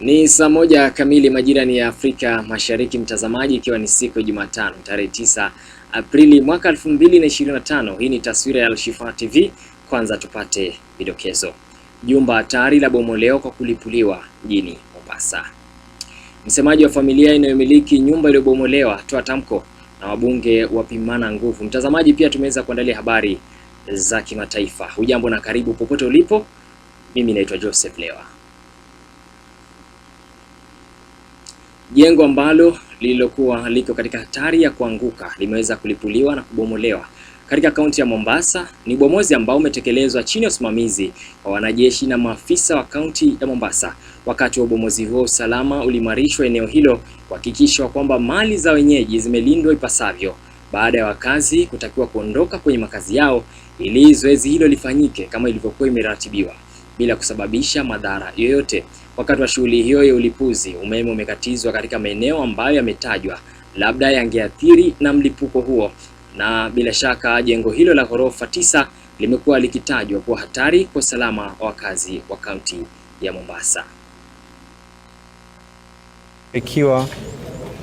Ni saa moja kamili majira ni ya Afrika Mashariki, mtazamaji, ikiwa ni siku ya Jumatano tarehe tisa Aprili mwaka 2025. Hii ni taswira ya Alshifa TV. Kwanza tupate vidokezo. Jumba hatari la bomoleo kwa kulipuliwa mjini Mombasa. Msemaji wa familia inayomiliki nyumba iliyobomolewa toa tamko, na wabunge wapimana nguvu. Mtazamaji, pia tumeweza kuandalia habari za kimataifa. Hujambo na karibu popote ulipo, mimi naitwa Joseph Lewa. Jengo ambalo lililokuwa liko katika hatari ya kuanguka limeweza kulipuliwa na kubomolewa katika kaunti ya Mombasa. Ni ubomozi ambao umetekelezwa chini ya usimamizi wa wanajeshi na maafisa wa kaunti ya Mombasa. Wakati wa ubomozi huo, usalama uliimarishwa eneo hilo kuhakikisha kwamba mali za wenyeji zimelindwa ipasavyo, baada ya wakazi kutakiwa kuondoka kwenye makazi yao ili zoezi hilo lifanyike kama ilivyokuwa imeratibiwa bila kusababisha madhara yoyote. Wakati wa shughuli hiyo ya ulipuzi, umeme umekatizwa katika maeneo ambayo yametajwa labda yangeathiri na mlipuko huo, na bila shaka jengo hilo la ghorofa tisa limekuwa likitajwa kuwa hatari kwa usalama wa wakazi wa kaunti ya Mombasa. Ikiwa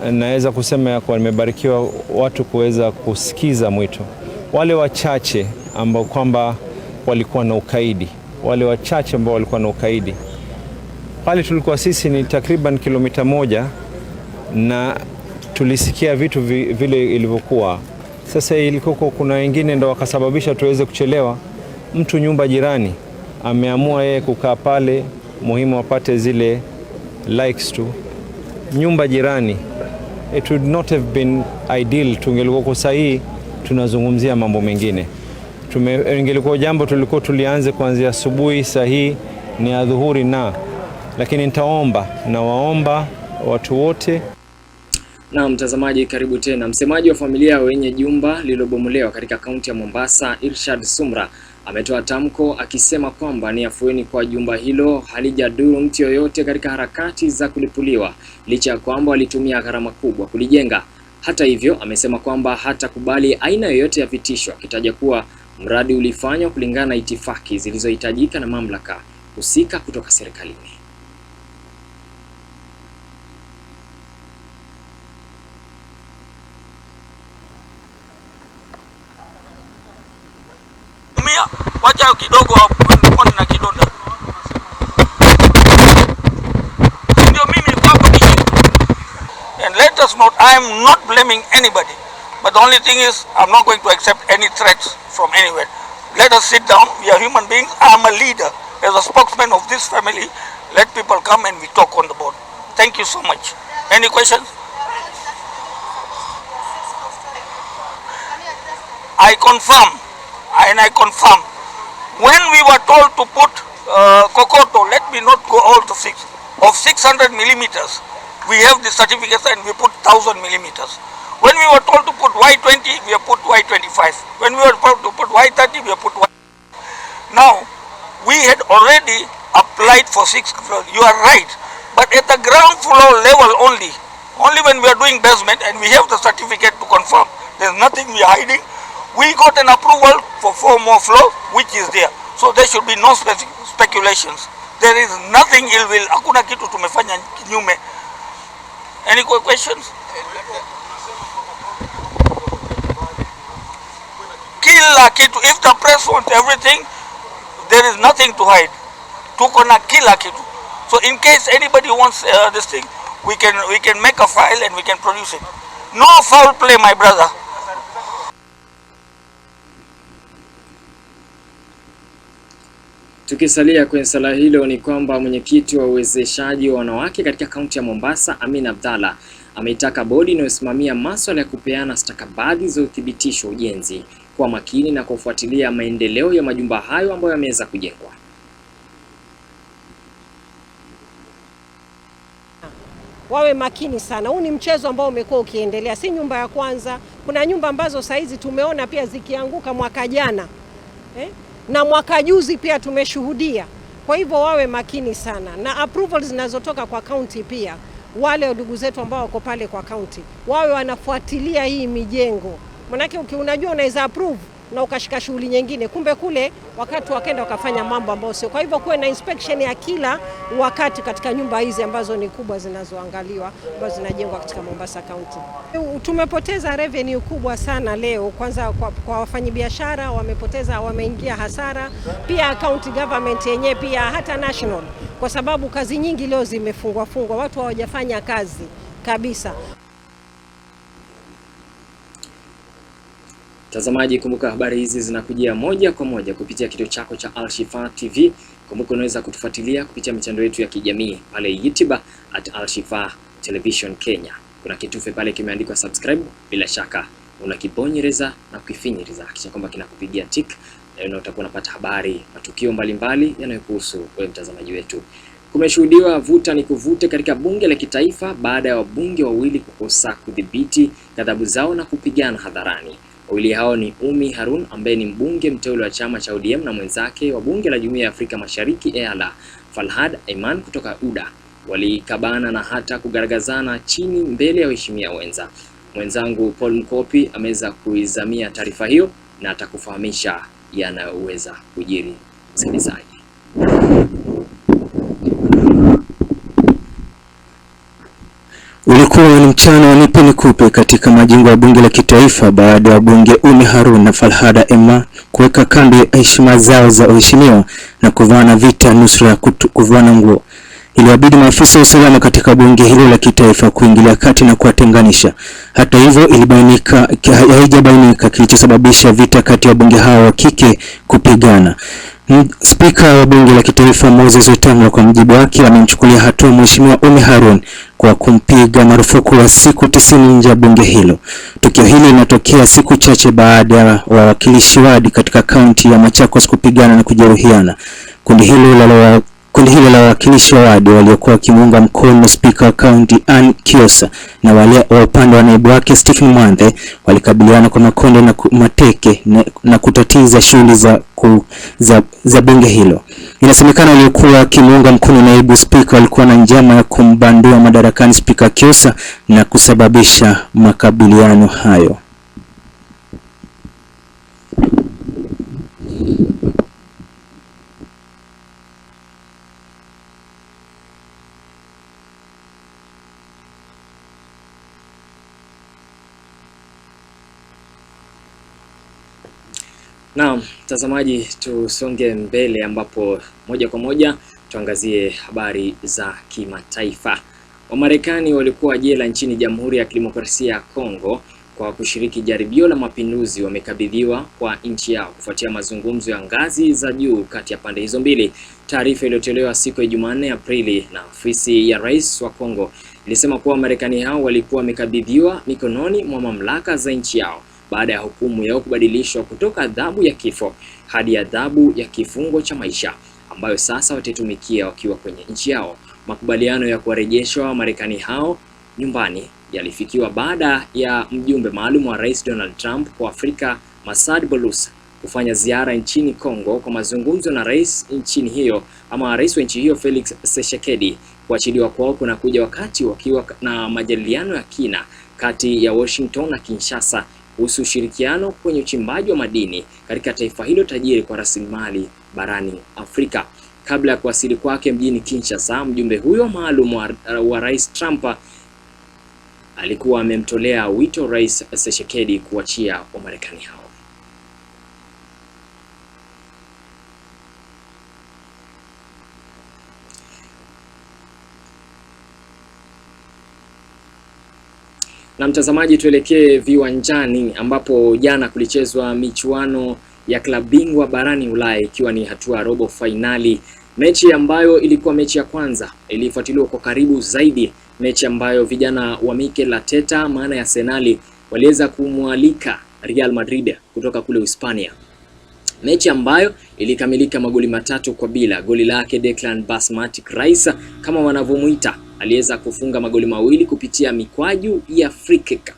eh, naweza kusema ya kuwa nimebarikiwa watu kuweza kusikiza mwito, wale wachache ambao kwamba walikuwa na ukaidi, wale wachache ambao walikuwa na ukaidi pale tulikuwa sisi ni takriban kilomita moja, na tulisikia vitu vile ilivyokuwa. Sasa ilikoko kuna wengine ndo wakasababisha tuweze kuchelewa. Mtu nyumba jirani ameamua yeye kukaa pale, muhimu apate zile likes tu. Nyumba jirani, it would not have been ideal. Tungelikuwa sahihi tunazungumzia mambo mengine, ingelikuwa jambo tulikuwa tulianze kuanzia asubuhi, sahihi ni adhuhuri na lakini nitaomba na waomba watu wote. Na mtazamaji, karibu tena. Msemaji wa familia wenye jumba lililobomolewa katika kaunti ya Mombasa, Irshad Sumra ametoa tamko akisema kwamba ni afueni kwa jumba hilo halijadhuru mtu yoyote katika harakati za kulipuliwa, licha ya kwamba walitumia gharama kubwa kulijenga. Hata hivyo, amesema kwamba hatakubali aina yoyote ya vitisho, akitaja kuwa mradi ulifanywa kulingana na itifaki zilizohitajika na mamlaka husika kutoka serikalini. hata kidogo na kidonda. Ndio mimi hapo And let us note, I am not blaming anybody. But the only thing is, I'm not going to accept any threats from anywhere. Let us sit down. We are human beings. I am a leader. As a spokesman of this family, let people come and we talk on the board. Thank you so much. Any questions? I confirm, and I confirm told to put uh, Kokoto, let me not go all to six, of 600 millimeters. We have the certification. and we put 1000 millimeters. When we were told to put Y20, we have put Y25. When we were told to put Y30, we have put Y. Now, we had already applied for six, you are right, but at the ground floor level only, only when we are doing basement and we have the certificate to confirm. There's nothing we are hiding. We got an approval for four more floors, which is there. So there should be no speculations. There is nothing ill will. Hakuna kitu tumefanya kinyume. Any questions? Kila kitu. If the press want everything, there is nothing to hide. Tukona na kila kitu. So in case anybody wants uh, this thing, we can we can make a file and we can produce it. No foul play, my brother. Tukisalia kwenye sala hilo ni kwamba mwenyekiti wa uwezeshaji wa wanawake katika kaunti ya Mombasa, Amin Abdalla, ameitaka bodi inayosimamia masuala ya kupeana stakabadhi za uthibitisho ujenzi kwa makini na kufuatilia maendeleo ya majumba hayo ambayo yameweza kujengwa. Wawe makini sana. Huu ni mchezo ambao umekuwa ukiendelea, si nyumba ya kwanza. Kuna nyumba ambazo saizi tumeona pia zikianguka mwaka jana eh? na mwaka juzi pia tumeshuhudia. Kwa hivyo wawe makini sana na approval zinazotoka kwa kaunti pia wale ndugu zetu ambao wako pale kwa kaunti wawe wanafuatilia hii mijengo, manake unajua unaweza approve na ukashika shughuli nyingine, kumbe kule wakati wakenda wakafanya mambo ambayo sio. Kwa hivyo kuwe na inspection ya kila wakati katika nyumba hizi ambazo ni kubwa zinazoangaliwa ambazo zinajengwa katika Mombasa County. Tumepoteza revenue kubwa sana leo, kwanza kwa, kwa wafanyabiashara wamepoteza, wameingia hasara, pia county government yenyewe pia hata national, kwa sababu kazi nyingi leo zimefungwa fungwa, watu hawajafanya kazi kabisa. Mtazamaji, kumbuka habari hizi zinakujia moja kwa moja kupitia kituo chako cha Shifa TV. Kumbuka unaweza kutufuatilia kupitia mitandao yetu ya kijamii pale YouTube at Shifa Television Kenya. Kuna kitufe pale kimeandikwa subscribe, bila shaka unakibonyereza na kukifinyiriza, kisha kwamba kinakupigia tick na utakuwa unapata habari, matukio mbalimbali yanayokuhusu wewe mtazamaji wetu. Kumeshuhudiwa vuta ni kuvute katika bunge la kitaifa baada ya wabunge wawili kukosa kudhibiti ghadhabu zao na kupigana hadharani. Wawili hao ni Umi Harun ambaye ni mbunge mteule wa chama cha ODM na mwenzake wa bunge la Jumuiya ya Afrika Mashariki EALA Falhad Aiman kutoka UDA walikabana na hata kugaragazana chini mbele ya waheshimiwa wenza. Mwenzangu Paul Mkopi ameweza kuizamia taarifa hiyo na atakufahamisha yanayoweza kujiri. Msikilizaji. Kuwa ni mchana wanipe nikupe katika majengo ya bunge la kitaifa baada ya wabunge Umi Harun na Falhada Emma kuweka kando heshima zao za uheshimiwa na kuvana vita nusra kutu, kuvana nguo iliwabidi maafisa wa usalama katika bunge hilo la kitaifa kuingilia kati na kuwatenganisha. Hata hivyo, ilibainika haijabainika kilichosababisha vita kati ya wabunge hao wa kike kupigana. Spika wa bunge la kitaifa Moses Wetangula, kwa mjibu wake, amemchukulia hatua mheshimiwa Umi Harun kwa kumpiga marufuku wa siku tisini nje ya bunge hilo. Tukio hili linatokea siku chache baada ya wawakilishi wadi katika kaunti ya Machakos kupigana na kujeruhiana. Kundi hilo la Kundi hilo la wawakilishi wa wadi waliokuwa wakimuunga mkono spika wa kaunti Ann Kiosa na wale wa upande wa naibu wake Stephen Mwanthe walikabiliana kwa makonde na mateke na kutatiza shughuli za, za, za bunge hilo. Inasemekana waliokuwa wakimuunga mkono naibu spika walikuwa na njama ya kumbandua madarakani spika Kiosa na kusababisha makabiliano hayo. Naam, mtazamaji, tusonge mbele ambapo moja kwa moja tuangazie habari za kimataifa. Wamarekani walikuwa jela nchini Jamhuri ya Kidemokrasia ya Kongo kwa kushiriki jaribio la mapinduzi wamekabidhiwa kwa nchi yao kufuatia mazungumzo ya ngazi za juu kati ya pande hizo mbili. Taarifa iliyotolewa siku ya Jumanne Aprili na ofisi ya rais wa Kongo ilisema kuwa Wamarekani hao walikuwa wamekabidhiwa mikononi mwa mamlaka za nchi yao baada ya hukumu yao kubadilishwa kutoka adhabu ya kifo hadi adhabu ya kifungo cha maisha ambayo sasa wataitumikia wakiwa kwenye nchi yao. Makubaliano ya kuwarejeshwa Wamarekani hao nyumbani yalifikiwa baada ya mjumbe maalum wa Rais Donald Trump kwa Afrika Masad Boulos kufanya ziara nchini Kongo kwa mazungumzo na rais nchini hiyo ama rais wa nchi hiyo Felix Tshisekedi. Kuachiliwa kwao kunakuja wakati wakiwa na majadiliano ya kina kati ya Washington na Kinshasa kuhusu ushirikiano kwenye uchimbaji wa madini katika taifa hilo tajiri kwa rasilimali barani Afrika. Kabla ya kuwasili kwake mjini Kinshasa, mjumbe huyo maalum wa, wa Rais Trump alikuwa amemtolea wito Rais Tshisekedi kuachia Wamarekani hao. Na mtazamaji, tuelekee viwanjani ambapo jana kulichezwa michuano ya klabu bingwa barani Ulaya ikiwa ni hatua robo fainali, mechi ambayo ilikuwa mechi ya kwanza ilifuatiliwa kwa karibu zaidi, mechi ambayo vijana wa Mikel Arteta maana ya senali waliweza kumwalika Real Madrid kutoka kule Hispania, mechi ambayo ilikamilika magoli matatu kwa bila, goli lake Declan Basmatic Rice kama wanavyomwita aliweza kufunga magoli mawili kupitia mikwaju ya free kick.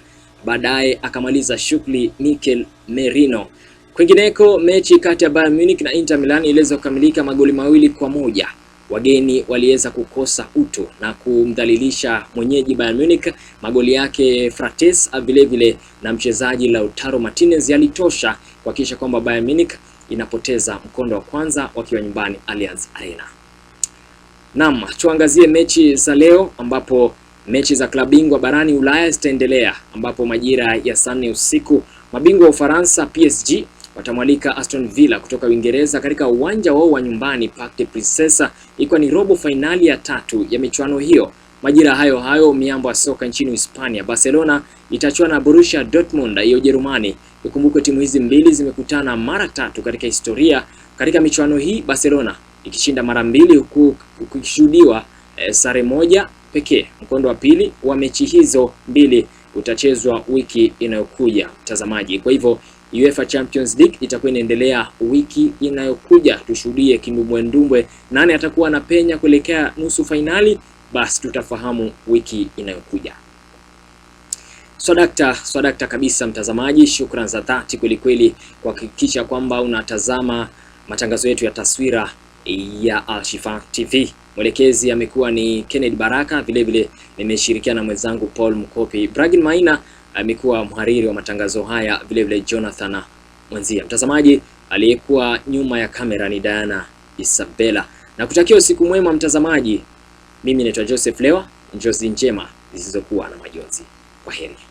Baadaye akamaliza shughuli Mikel Merino. Kwingineko, mechi kati ya Bayern Munich na Inter Milan iliweza kukamilika magoli mawili kwa moja. Wageni waliweza kukosa utu na kumdhalilisha mwenyeji Bayern Munich. Magoli yake Frates vilevile na mchezaji Lautaro Martinez yalitosha kuhakikisha kwamba Bayern Munich inapoteza mkondo wa kwanza wakiwa nyumbani Allianz Arena. Naam, tuangazie mechi za leo ambapo mechi za klabu bingwa barani Ulaya zitaendelea ambapo majira ya saa nne usiku mabingwa wa Ufaransa PSG watamwalika Aston Villa kutoka Uingereza katika uwanja wao wa nyumbani Parc des Princes, ikiwa ni robo fainali ya tatu ya michuano hiyo. Majira hayo hayo, miambo ya soka nchini Hispania, Barcelona itachuana na Borussia Dortmund ya Ujerumani. Ikumbukwe timu hizi mbili zimekutana mara tatu katika historia katika michuano hii. Barcelona ikishinda mara mbili huku kukishuhudiwa e, eh, sare moja pekee. Mkondo wa pili wa mechi hizo mbili utachezwa wiki inayokuja, mtazamaji. Kwa hivyo UEFA Champions League itakuwa inaendelea wiki inayokuja, tushuhudie kindumbwendumbwe, nani atakuwa anapenya kuelekea nusu fainali? Basi tutafahamu wiki inayokuja. Swadakta, swadakta kabisa mtazamaji, shukran za dhati kwelikweli kwa kuhakikisha kwamba unatazama matangazo yetu ya Taswira ya Alshifa TV. Mwelekezi amekuwa ni Kennedy Baraka, vilevile nimeshirikiana na mwenzangu Paul Mkopi. Bragin Maina amekuwa mhariri wa matangazo haya, vilevile Jonathan Mwanzia. Mtazamaji aliyekuwa nyuma ya kamera ni Diana Isabella, na kutakia usiku mwema mtazamaji. Mimi naitwa Joseph Lewa, njozi njema zisizokuwa na majonzi. Kwaheri.